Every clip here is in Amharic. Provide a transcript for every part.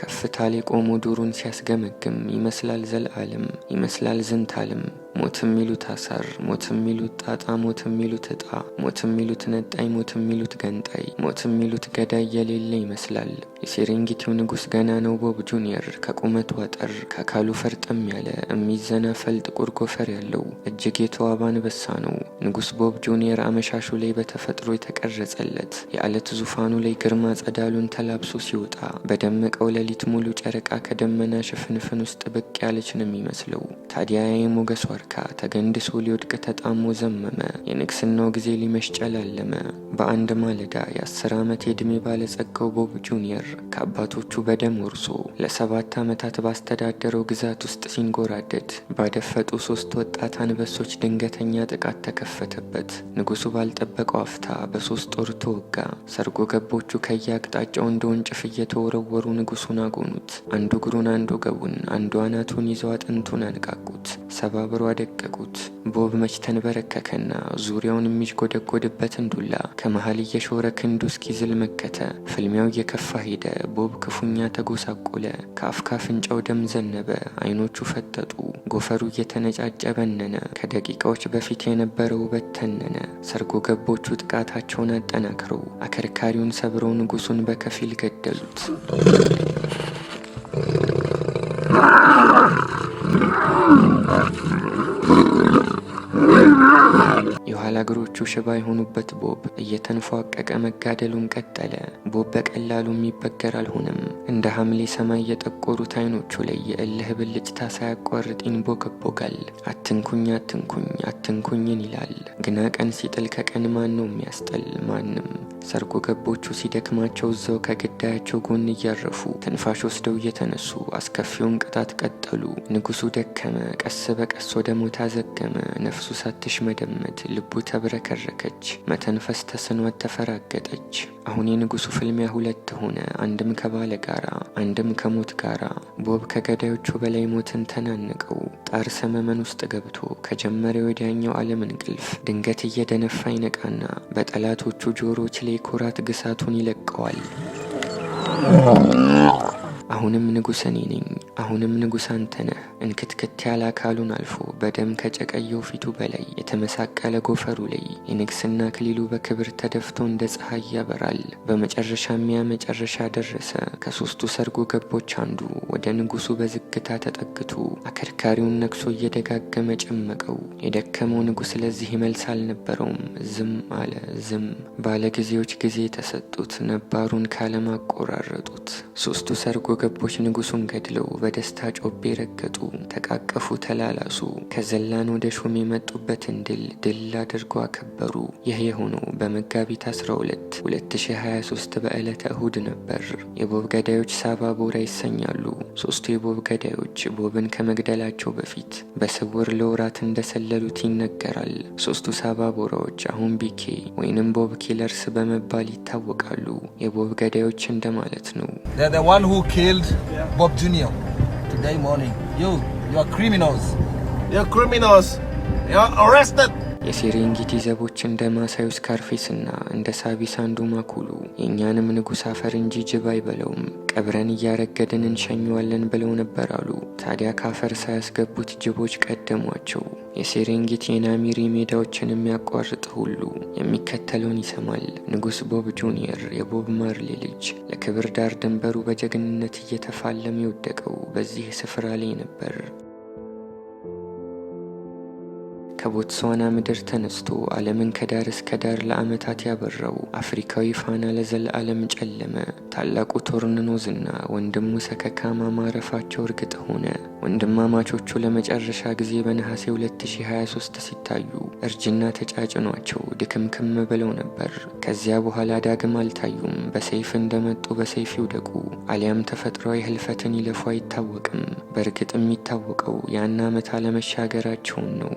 ከፍታ ላይ ቆሞ ዱሩን ሲያስገመግም ይመስላል ዘላለም ይመስላል ዝንታለም ሞት የሚሉት አሳር፣ ሞት የሚሉት ጣጣ፣ ሞት የሚሉት እጣ፣ ሞት የሚሉት ነጣይ፣ ሞት የሚሉት ገንጣይ፣ ሞት የሚሉት ገዳይ የሌለ ይመስላል። የሴሬንጌቲው ንጉሥ ገና ነው ቦብ ጁኒየር። ከቁመቱ አጠር ከአካሉ ፈርጥም ያለ የሚዘናፈል ጥቁር ጎፈር ያለው እጅግ የተዋበ አንበሳ ነው። ንጉሥ ቦብ ጁኒየር አመሻሹ ላይ በተፈጥሮ የተቀረጸለት የአለት ዙፋኑ ላይ ግርማ ጸዳሉን ተላብሶ ሲወጣ በደመቀው ሌሊት ሙሉ ጨረቃ ከደመና ሽፍንፍን ውስጥ ብቅ ያለች ነው የሚመስለው። ታዲያ የሞገሷ ተማርካ ተገንድሶ ሊወድቅ ተጣሞ ዘመመ። የንግስናው ጊዜ ሊመሽ ጨላለመ። በአንድ ማለዳ የአስር ዓመት የዕድሜ ባለጸጋው ቦብ ጁኒየር ከአባቶቹ በደም ወርሶ ለሰባት ዓመታት ባስተዳደረው ግዛት ውስጥ ሲንጎራደድ ባደፈጡ ሶስት ወጣት አንበሶች ድንገተኛ ጥቃት ተከፈተበት። ንጉሱ ባልጠበቀው አፍታ በሶስት ጦር ተወጋ። ሰርጎ ገቦቹ ከየአቅጣጫው እንደ ወንጭፍ እየተወረወሩ ንጉሱን አጎኑት። አንዱ እግሩን፣ አንዱ ገቡን፣ አንዱ አናቱን ይዘው አጥንቱን አነቃቁት። ሰባብሮ ደቀቁት ቦብ መች ተንበረከከና ዙሪያውን የሚጎደጎድበትን ዱላ ከመሀል እየሾረ ክንዱ እስኪዝል መከተ። ፍልሚያው እየከፋ ሄደ። ቦብ ክፉኛ ተጎሳቆለ። ከአፍ ፍንጫው ደም ዘነበ። አይኖቹ ፈጠጡ። ጎፈሩ እየተነጫጨ በነነ። ከደቂቃዎች በፊት የነበረው ውበት ተነነ። ሰርጎ ገቦቹ ጥቃታቸውን አጠናክረው አከርካሪውን ሰብረው ንጉሱን በከፊል ገደሉት። መሃል ሽባ የሆኑበት ቦብ እየተንፏቀቀ መጋደሉን ቀጠለ። ቦብ በቀላሉ የሚበገር አልሆነም። እንደ ሐምሌ ሰማይ የጠቆሩት አይኖቹ ላይ የእልህ ብልጭታ ሳያቋርጥ ይንቦከቦካል። አትንኩኝ አትንኩኝ አትንኩኝን ይላል። ግና ቀን ሲጥል ከቀን ማን ነው የሚያስጠል? ማንም ሰርጎ ገቦቹ ሲደክማቸው እዛው ከግዳያቸው ጎን እያረፉ ትንፋሽ ወስደው እየተነሱ አስከፊውን ቅጣት ቀጠሉ። ንጉሱ ደከመ፣ ቀስ በቀስ ወደ ሞት አዘገመ። ነፍሱ ሳትሽ መደመት፣ ልቡ ተብረከረከች፣ መተንፈስ ተስኗት ተፈራገጠች። አሁን የንጉሱ ፍልሚያ ሁለት ሆነ፣ አንድም ከባለ ጋራ፣ አንድም ከሞት ጋራ። ቦብ ከገዳዮቹ በላይ ሞትን ተናነቀው ጣር ሰመመን ውስጥ ገብቶ ከጀመረ ወዲያኛው ዓለም እንቅልፍ ድንገት እየደነፋ ይነቃና በጠላቶቹ ጆሮች ላይ የኩራት ግሳቱን ይለቀዋል። አሁንም ንጉሥ እኔ ነኝ፣ አሁንም ንጉሥ አንተ ነህ እንክትክት ያለ አካሉን አልፎ በደም ከጨቀየው ፊቱ በላይ የተመሳቀለ ጎፈሩ ላይ የንግስና ክሊሉ በክብር ተደፍቶ እንደ ፀሐይ ያበራል። በመጨረሻ ሚያ መጨረሻ ደረሰ። ከሶስቱ ሰርጎ ገቦች አንዱ ወደ ንጉሱ በዝግታ ተጠግቶ አከርካሪውን ነክሶ እየደጋገመ ጨመቀው። የደከመው ንጉስ ለዚህ መልስ አልነበረውም። ዝም አለ። ዝም ባለ ጊዜዎች ጊዜ ተሰጡት። ነባሩን ካለማቆራረጡት ሶስቱ ሰርጎ ገቦች ንጉሱን ገድለው በደስታ ጮቤ ረገጡ። ተቃቀፉ፣ ተላላሱ። ከዘላን ወደ ሾም የመጡበትን ድል ድል አድርጎ አከበሩ። ይህ የሆነው በመጋቢት 12 2023 በዕለተ እሁድ ነበር። የቦብ ገዳዮች ሳባ ቦራ ይሰኛሉ። ሶስቱ የቦብ ገዳዮች ቦብን ከመግደላቸው በፊት በስውር ለወራት እንደሰለሉት ይነገራል። ሶስቱ ሳባ ቦራዎች አሁን ቢኬ ወይንም ቦብ ኪለርስ በመባል ይታወቃሉ። የቦብ ገዳዮች እንደማለት ነው። You, you are criminals. You're criminals. You're arrested. የሴሬንጌቲ ዘቦች እንደ ማሳዩ ና እንደ ሳቢስ አንዱ ማኩሉ የእኛንም ንጉሥ አፈር እንጂ ጅብ አይበለውም ቀብረን እያረገድን እንሸኘዋለን ብለው ነበር አሉ። ታዲያ ከአፈር ሳያስገቡት ጅቦች ቀደሟቸው። የሴሬንጌቲ የናሚሪ ሜዳዎችን የሚያቋርጥ ሁሉ የሚከተለውን ይሰማል። ንጉሥ ቦብ ጁኒየር የቦብ ማርሌ ልጅ ለክብር ዳር ድንበሩ በጀግንነት እየተፋለም የወደቀው በዚህ ስፍራ ላይ ነበር። ከቦትስዋና ምድር ተነስቶ ዓለምን ከዳር እስከ ዳር ለዓመታት ያበራው አፍሪካዊ ፋና ለዘለዓለም ጨለመ። ታላቁ ቶርንኖዝና ወንድሙ ሰከካማ ማረፋቸው እርግጥ ሆነ። ወንድማማቾቹ ለመጨረሻ ጊዜ በነሐሴ 2023 ሲታዩ እርጅና ተጫጭኗቸው ድክምክም ብለው ነበር። ከዚያ በኋላ ዳግም አልታዩም። በሰይፍ እንደመጡ በሰይፍ ይውደቁ አሊያም ተፈጥሯዊ ህልፈትን ይለፉ አይታወቅም። በእርግጥ የሚታወቀው ያን ዓመት አለመሻገራቸውን ነው።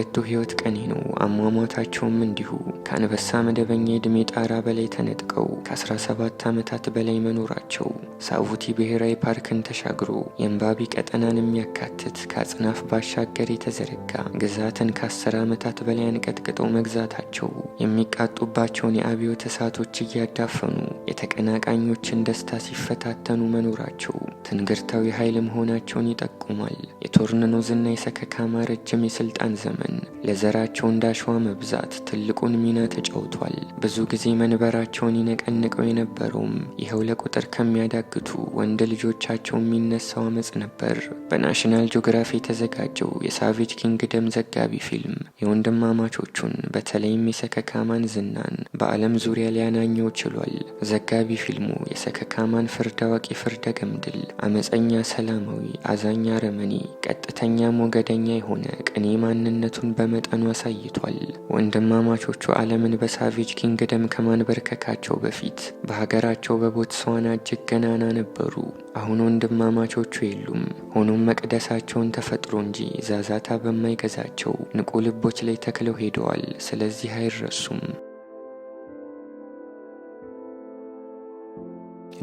የሁለቱ ህይወት ቀኔ ነው። አሟሟታቸውም እንዲሁ ከአንበሳ መደበኛ የእድሜ ጣራ በላይ ተነጥቀው ከ17 ዓመታት በላይ መኖራቸው ሳቡቲ ብሔራዊ ፓርክን ተሻግሮ የእምባቢ ቀጠናን የሚያካትት ከአጽናፍ ባሻገር የተዘረጋ ግዛትን ከ10 ዓመታት በላይ አንቀጥቅጠው መግዛት ናቸው። የሚቃጡባቸውን የአብዮት እሳቶች እያዳፈኑ የተቀናቃኞችን ደስታ ሲፈታተኑ መኖራቸው ትንግርታዊ ኃይል መሆናቸውን ይጠቁማል። የቶርንኖዝና የሰከካማ ረጅም የስልጣን ዘመን ለዘራቸው እንዳሸዋ መብዛት ትልቁን ሚና ተጫውቷል። ብዙ ጊዜ መንበራቸውን ይነቀንቀው የነበረውም ይኸው ለቁጥር ከሚያዳግቱ ወንድ ልጆቻቸው የሚነሳው አመፅ ነበር። በናሽናል ጂኦግራፊ የተዘጋጀው የሳቬጅ ኪንግደም ዘጋቢ ፊልም የወንድማማቾቹን በተለይም የሰከካማን ዝናን በዓለም ዙሪያ ሊያናኘው ችሏል። ዘጋቢ ፊልሙ የሰከካማን ፍርድ አዋቂ ፍርደ ገምድል፣ አመፀኛ ሰላማዊ፣ አዛኛ ረመኔ ቀጥተኛ ሞገደኛ የሆነ ቅኔ ማንነቱን በመጠኑ አሳይቷል። ወንድማማቾቹ ዓለምን በሳቬጅ ኪንግደም ከማንበርከካቸው በፊት በሀገራቸው በቦትስዋና እጅግ ገናና ነበሩ። አሁን ወንድማማቾቹ የሉም። ሆኖም መቅደሳቸውን ተፈጥሮ እንጂ ዛዛታ በማይገዛቸው ንቁ ልቦች ላይ ተክለው ሄደዋል። ስለዚህ አይረሱም።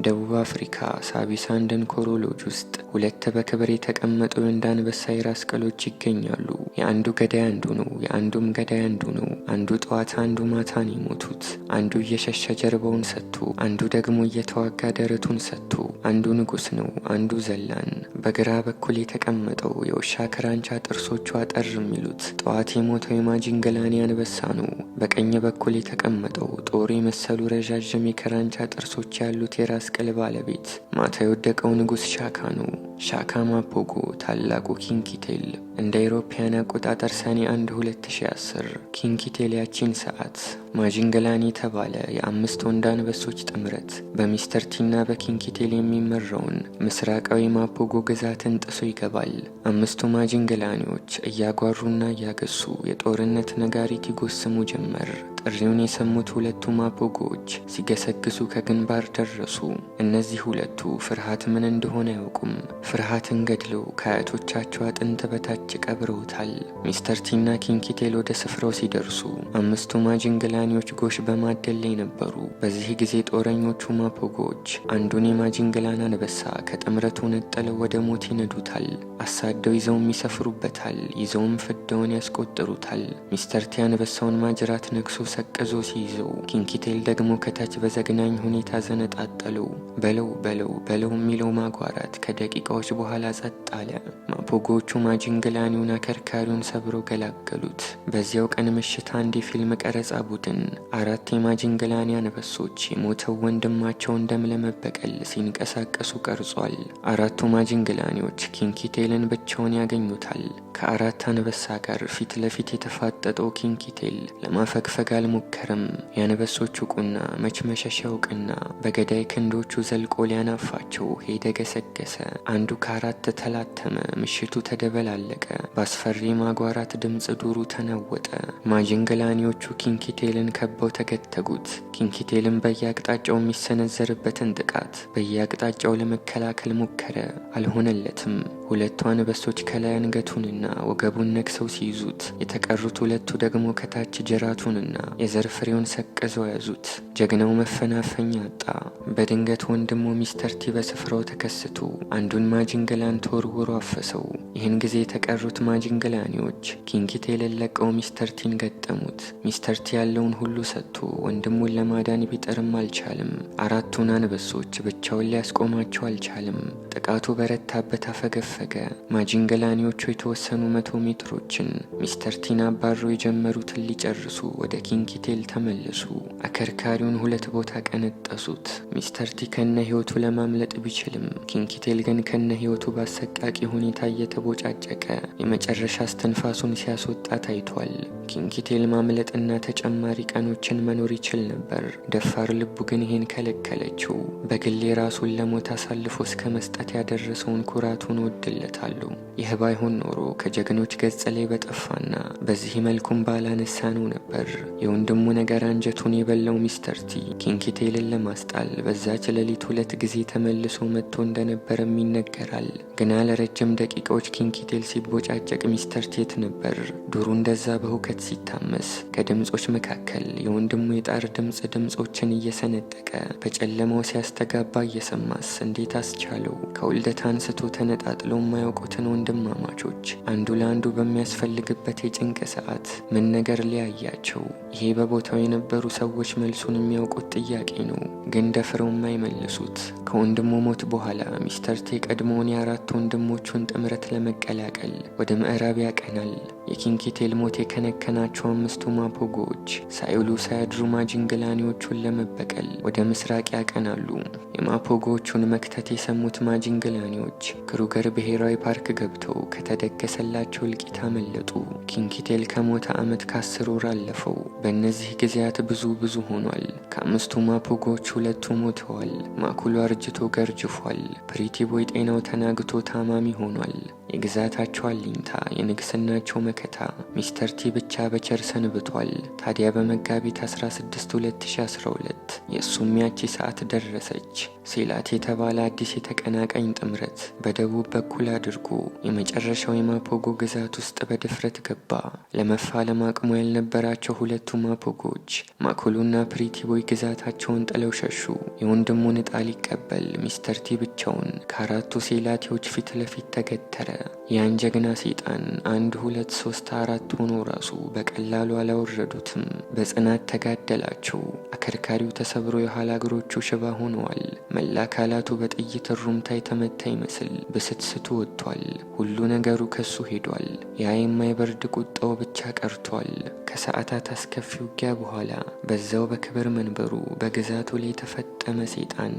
ደቡብ አፍሪካ ሳቢሳን ደንኮሮ ሎጅ ውስጥ ሁለት በክብር የተቀመጡ የወንድ አንበሳ የራስ ቅሎች ይገኛሉ። የአንዱ ገዳይ አንዱ ነው፣ የአንዱም ገዳይ አንዱ ነው። አንዱ ጠዋት አንዱ ማታን ይሞቱት። የሞቱት። አንዱ እየሸሸ ጀርባውን ሰጥቶ፣ አንዱ ደግሞ እየተዋጋ ደረቱን ሰጥቶ፣ አንዱ ንጉሥ ነው አንዱ ዘላን በግራ በኩል የተቀመጠው የውሻ ክራንቻ ጥርሶቹ አጠር የሚሉት ጠዋት የሞተው የማጂን ገላኔ አንበሳ ነው። በቀኝ በኩል የተቀመጠው ጦር የመሰሉ ረዣዥም የክራንቻ ጥርሶች ያሉት የራስ ቅል ባለቤት ማታ የወደቀው ንጉሥ ሻካ ነው። ሻካ ማፖጎ ታላቁ ኪንኪቴል እንደ አውሮፓውያን አቆጣጠር ሰኔ 1 2010 ኪንኪቴል ያቺን ሰዓት ማጂንገላኒ የተባለ የአምስት ወንድ አንበሶች ጥምረት በሚስተር ቲና በኪንኪቴል የሚመራውን ምስራቃዊ ማፖጎ ግዛትን ጥሶ ይገባል። አምስቱ ማጂንገላኒዎች እያጓሩና እያገሱ የጦርነት ነጋሪት ይጎስሙ ጀመር። ጥሪውን የሰሙት ሁለቱም አቦጎች ሲገሰግሱ ከግንባር ደረሱ። እነዚህ ሁለቱ ፍርሃት ምን እንደሆነ አያውቁም። ፍርሃትን ገድለው ከአያቶቻቸው አጥንት በታች ቀብረውታል። ሚስተር ቲና ኪንኪቴል ወደ ስፍራው ሲደርሱ አምስቱ ማጅንግላኒዎች ጎሽ በማደል ላይ ነበሩ። በዚህ ጊዜ ጦረኞቹ ማፖጎች አንዱን የማጅንግላን አንበሳ ከጥምረቱ ነጠለው ወደ ሞት ይነዱታል። አሳደው ይዘውም ይሰፍሩበታል። ይዘውም ፍዳውን ያስቆጥሩታል። ሚስተር ቲ አንበሳውን ማጅራት ነክሶ ቀዝቅዞ ሲይዘው፣ ኪንኪቴል ደግሞ ከታች በዘግናኝ ሁኔታ ዘነጣጠለው። በለው በለው በለው የሚለው ማጓራት ከደቂቃዎች በኋላ ጸጥ አለ። ማፖጎቹ ማጅንግላኒውን አከርካሪውን ሰብረው ገላገሉት። በዚያው ቀን ምሽት አንድ የፊልም ቀረጻ ቡድን አራት የማጅንግላኒ አንበሶች የሞተው ወንድማቸውን ደም ለመበቀል ሲንቀሳቀሱ ቀርጿል። አራቱ ማጅንግላኒዎች ኪንኪቴልን ብቻውን ያገኙታል። ከአራት አንበሳ ጋር ፊት ለፊት የተፋጠጠው ኪንኪቴል ለማፈግፈግ አልሞከረም። የአንበሶቹ ቁና መችመሸሻ ውቅና በገዳይ ክንዶቹ ዘልቆ ሊያናፋቸው ሄደ ገሰገሰ። አንዱ ከአራት ተላተመ፣ ምሽቱ ተደበላለቀ። በአስፈሪ ማጓራት ድምፅ ዱሩ ተነወጠ ማጅንግላኒዎቹ ኪንኪቴልን ከበው ተገተጉት። ኪንኪቴልን በየአቅጣጫው የሚሰነዘርበትን ጥቃት በየአቅጣጫው ለመከላከል ሞከረ፣ አልሆነለትም። ሁለቱ አንበሶች ከላይ አንገቱንና ወገቡን ነክሰው ሲይዙት የተቀሩት ሁለቱ ደግሞ ከታች ጅራቱንና የዘር ፍሬውን ሰቅዘው ያዙት። ጀግናው መፈናፈኛ አጣ። በድንገት ወንድሞ ሚስተር ቲ በስፍራው ተከስቶ አንዱን ማጅንገላን ተወርውሮ አፈሰው። ይህን ጊዜ የተቀሩት ማጅንገላኔዎች ኪንኪት የሌለቀው ሚስተር ቲን ገጠሙት። ሚስተር ቲ ያለውን ሁሉ ሰጥቶ ወንድሙን ለማዳን ቢጥርም አልቻልም። አራቱን አንበሶች ብቻውን ሊያስቆማቸው አልቻልም። ጥቃቱ በረታበት አፈገፈገ። ማጅንገላኔዎቹ የተወሰኑ መቶ ሜትሮችን ሚስተር ቲን አባሮ የጀመሩትን ሊጨርሱ ወደ ኪንግ ኪንኪቴል ተመለሱ። አከርካሪውን ሁለት ቦታ ቀነጠሱት። ሚስተር ቲ ከነ ህይወቱ ለማምለጥ ቢችልም ኪንኪቴል ግን ከነ ህይወቱ በአሰቃቂ ሁኔታ እየተቦጫጨቀ የመጨረሻ አስተንፋሱን ሲያስወጣ ታይቷል። ኪንኪቴል ማምለጥና ተጨማሪ ቀኖችን መኖር ይችል ነበር። ደፋር ልቡ ግን ይሄን ከለከለችው። በግሌ ራሱን ለሞት አሳልፎ እስከ መስጠት ያደረሰውን ኩራቱን ወድለታለሁ። ይህ ባይሆን ኖሮ ከጀግኖች ገጽ ላይ በጠፋና በዚህ መልኩም ባላነሳ ነው ነበር። የወንድሙ ነገር አንጀቱን የበላው ሚስተር ቲ ኪንኪቴልን ለማስጣል በዛች ሌሊት ሁለት ጊዜ ተመልሶ መጥቶ እንደነበረም ይነገራል። ግና ለረጅም ደቂቃዎች ኪንኪቴል ሲቦጫጨቅ ሚስተር ቴት ነበር ዱሩ እንደዛ በሁከት ሲታመስ። ከድምፆች መካከል የወንድሙ የጣር ድምፅ ድምፆችን እየሰነጠቀ በጨለማው ሲያስተጋባ እየሰማስ እንዴት አስቻለው? ከውልደት አንስቶ ተነጣጥለው የማያውቁትን ወንድማማቾች አንዱ ለአንዱ በሚያስፈልግበት የጭንቅ ሰዓት ምን ነገር ሊያያቸው ይህ በቦታው የነበሩ ሰዎች መልሱን የሚያውቁት ጥያቄ ነው፣ ግን ደፍረው የማይመልሱት። ከወንድሙ ሞት በኋላ ሚስተር ቴ ቀድሞውን የአራት ወንድሞቹን ጥምረት ለመቀላቀል ወደ ምዕራብ ያቀናል። የኪንኪቴል ሞት የከነከናቸው አምስቱ ማፖጎዎች ሳይውሉ ሳያድሩ ማጅንግላኔዎቹን ለመበቀል ወደ ምስራቅ ያቀናሉ። የማፖጎዎቹን መክተት የሰሙት ማጅንግላኔዎች ክሩገር ብሔራዊ ፓርክ ገብተው ከተደገሰላቸው እልቂት አመለጡ። ኪንኪቴል ከሞተ ዓመት ከአስር ወር አለፈው። በእነዚህ ጊዜያት ብዙ ብዙ ሆኗል። ከአምስቱ ማፖጎች ሁለቱ ሞተዋል። ማኩሉ አርጅቶ ገርጅፏል። ፕሪቲ ቦይ ጤናው ተናግቶ ታማሚ ሆኗል። የግዛታቸው አለኝታ፣ የንግስናቸው መከታ ሚስተር ቲ ብቻ በቸር ሰንብቷል። ታዲያ በመጋቢት 16 2012 የእሱም ያቺ ሰዓት ደረሰች። ሴላት የተባለ አዲስ የተቀናቃኝ ጥምረት በደቡብ በኩል አድርጎ የመጨረሻው የማፖጎ ግዛት ውስጥ በድፍረት ገባ። ለመፋለም አቅሙ ያልነበራቸው ሁለቱ ማፖጎች ፖጎች ማኮሎና ፕሪቲቦይ ግዛታቸውን ጥለው ሸሹ። የወንድሙን ዕጣ ሊቀበል ሚስተር ቲ ብቻውን ከአራቱ ሴላቴዎች ፊት ለፊት ተገተረ። ያን ጀግና ሰይጣን አንድ ሁለት ሶስት አራት ሆኖ ራሱ በቀላሉ አላወረዱትም። በጽናት ተጋደላቸው። አከርካሪው ተሰብሮ የኋላ እግሮቹ ሽባ ሆነዋል። መላ አካላቱ በጥይት ሩምታ የተመታ ይመስል ብስትስቱ ወጥቷል። ሁሉ ነገሩ ከሱ ሄዷል። ያ የማይበርድ ቁጣው ብቻ ቀርቷል። ከሰዓታት አስከፍ አስከፊ ውጊያ በኋላ በዛው በክብር መንበሩ በግዛቱ ላይ የተፈጠመ ሰይጣን